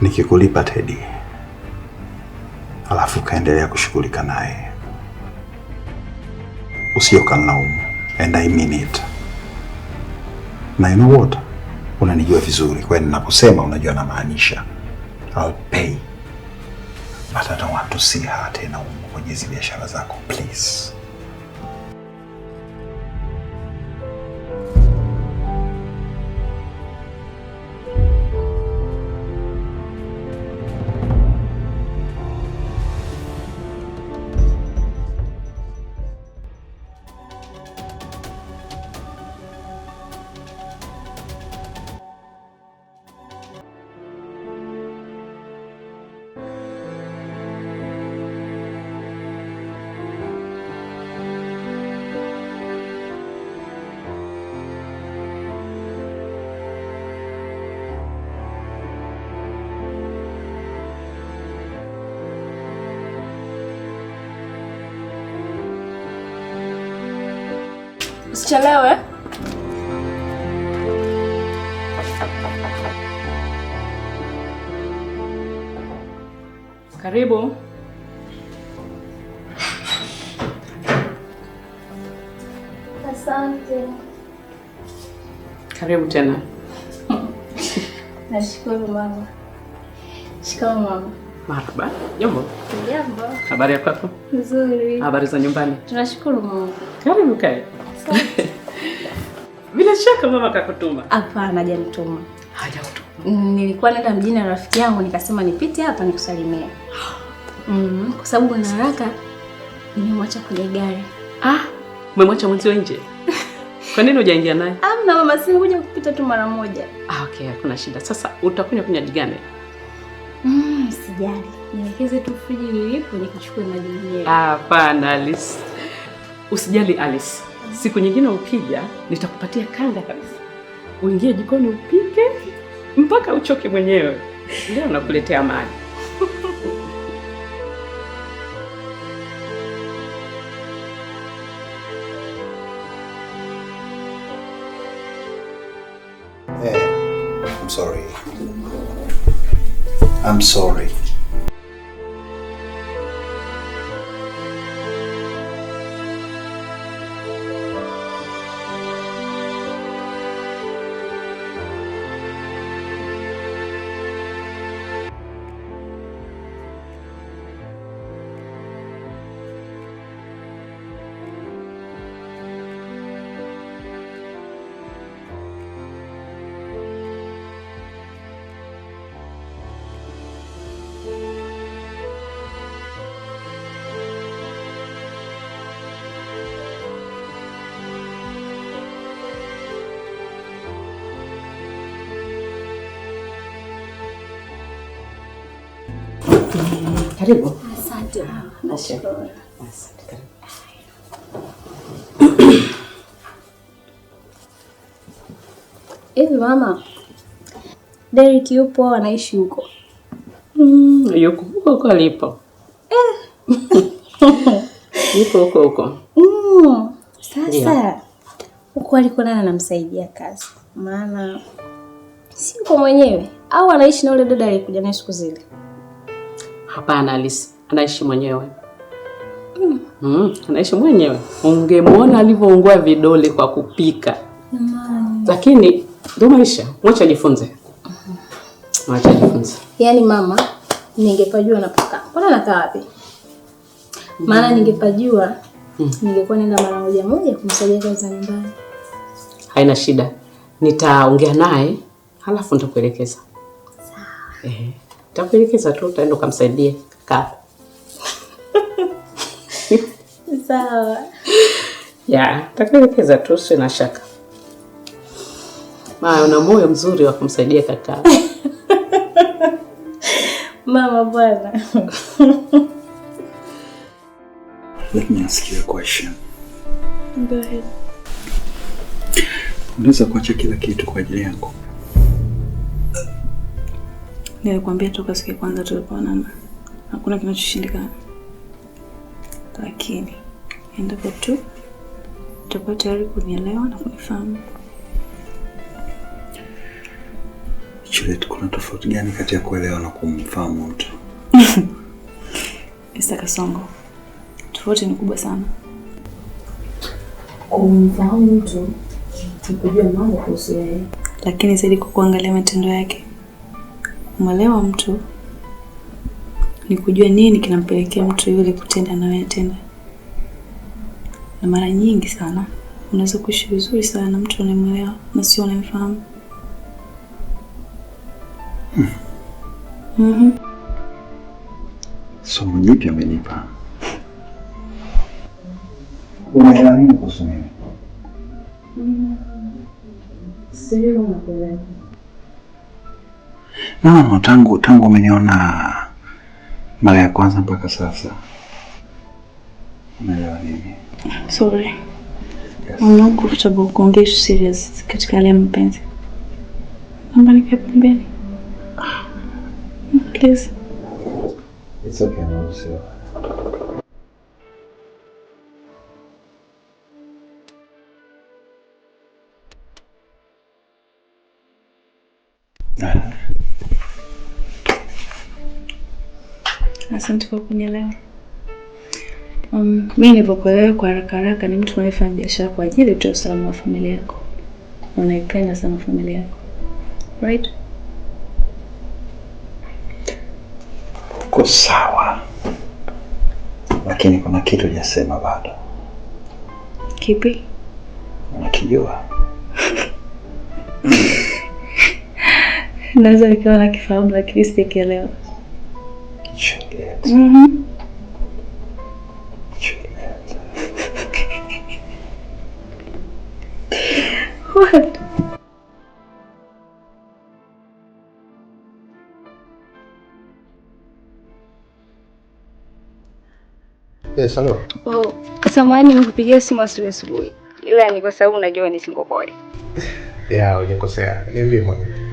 nikikulipa Tedi, alafu ukaendelea kushughulika naye, usiokanaumu and I mean it. Na you know what, unanijua vizuri, kwani ninaposema unajua namaanisha. I'll pay but I don't want to see her tena kwenye hizi biashara zako please. usichelewe. Karibu. Asante. Karibu tena. Nashukuru mama. Shikamoo mama. Marhaba. Jambo. Jambo. Habari yako? Nzuri. Habari za nyumbani? Tunashukuru Mungu. Karibu kae. Bila shaka mama kakutuma? Hapana, hajanituma. Hajakutuma? Nilikuwa nenda mjini na rafiki yangu nikasema nipite hapa nikusalimie. Mm, kwa sababu na haraka nimemwacha kwenye gari. Ah, umemwacha mwenzio nje? Kwa nini hujaingia naye? Hamna mama, sikuja kupita tu mara moja. Ah, okay, hakuna shida. Sasa utakunywa kinywaji gani? Mm, sijali. Niwekeze tu friji lilipo nikichukue maji yenyewe. Ah, hapana Alice. Usijali Alice. Siku nyingine ukija, nitakupatia kanga kabisa, uingie jikoni upike mpaka uchoke mwenyewe. Leo nakuletea maji. Eh, I'm sorry. I'm sorry. Karibu. Asante. Nashukuru. Asante. Karibu. Hivi mama, Derek yupo anaishi huko? Mm, yuko huko huko alipo. Eh. Yuko huko huko. Mm, sasa huko aliko nani anamsaidia kazi? Maana si uko mwenyewe au anaishi na ule dada alikuja naye siku zile? Hapana Alice, anaishi mwenyewe. Hmm. anaishi mwenyewe. Ungemwona alivyoungua vidole kwa kupika. Jamani. Lakini ndio maisha, mwacha jifunze. Mwacha jifunze. Yaani mama, ningepajua napaka. Mbona nakaa wapi? Maana hmm. ningepajua hmm. ningekuwa nenda mara moja moja kumsaidia kazi nyumbani. Haina shida. Nitaongea naye halafu nitakuelekeza. Sawa. Eh. Takuelekeza tu utaenda ukamsaidia kaka. Sawa. Ya, takuelekeza tu na shaka. Maya, una moyo mzuri wa kumsaidia kaka. Mama bwana. Let me ask you a question. Go ahead. Unaweza kuacha kila kitu kwa ajili yangu? Nilikwambia toka siku ya kwanza tulipoonana, hakuna kinachoshindikana, lakini endapo tu utakuwa tayari kunielewa na kunifahamu. Juliet, kuna tofauti gani kati ya kuelewa na kumfahamu mtu? Esther Kasongo, tofauti ni kubwa sana. Kumfahamu mtu ni kujua mambo kuhusu yeye, lakini zaidi kwa kuangalia matendo yake Kumwelewa mtu ni kujua nini kinampelekea mtu yule kutenda anayotenda, na mara nyingi sana unaweza kuishi vizuri sana na mtu unayemwelewa na sio unayemfahamu. Mm. Mm -hmm. Mhm. Somo jipi amenipa. Unaelewa nini kuhusu mimi? No, no, no, tangu tangu umeniona mara ya kwanza mpaka sasa umeelewa nini? Sorry. Yes. Mwanangu sababu kuongea serious katika hali ya mapenzi. Naomba nikae pembeni. Ah. Please. It's okay, no, sir. Asante kwa kunielewa. Um, mi nilivyokuelewa kwa haraka haraka ni mtu unayefanya biashara kwa ajili tu ya usalama wa familia yako, unaipenda sana familia yako right? Uko sawa, lakini kuna kitu hujasema bado. Kipi? Unakijua? Naweza nikawa nakifahamu, lakini sikielewa. que é Yes, hello. Oh, é nikupigia simu asubuhi asubuhi. Ila ni kwa sababu unajua nisingopori. que é Niambie mwana.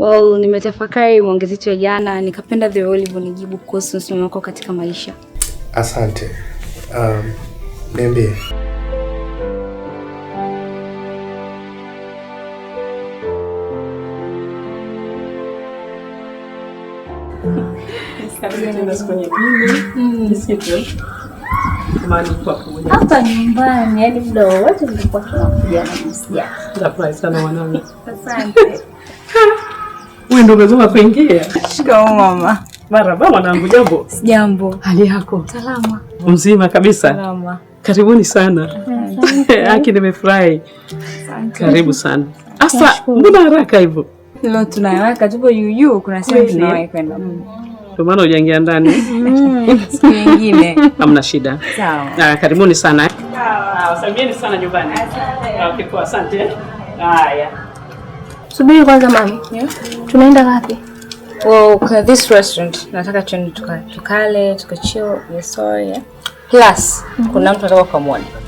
Well, nimetafakari uongezi wa jana nikapenda the way ulivyonijibu kuhusu msimamo wako katika maisha. Asante. Um, niambie. Hapa nyumbani, yaani muda wowote nilikuwa tunakuja na msichana. Asante wewe ndio umezoma kuingia. Shikamoo mama. Marhaba mwanangu, jambo. Jambo. Hali yako? Salama. Mzima kabisa. Salama. Karibuni sana. Aki, nimefurahi. Karibu sana. Asa, mbona haraka hivyo? Leo tuna haraka, tupo yuyu, kuna sehemu tunawahi kwenda. Mm. Ndio maana hujaingia ndani. Mm, siku nyingine. Hamna shida. Sawa. Karibuni sana. Ah, Sawa. Salimieni sana nyumbani. Asante. Ah, asante. Haya. Subiri kwanza mami. Yeah. Tunaenda wapi? Well, okay, this restaurant. Nataka tuende tukale, tukachill. yes, sorry. Plus, kuna mtu anataka kumuona.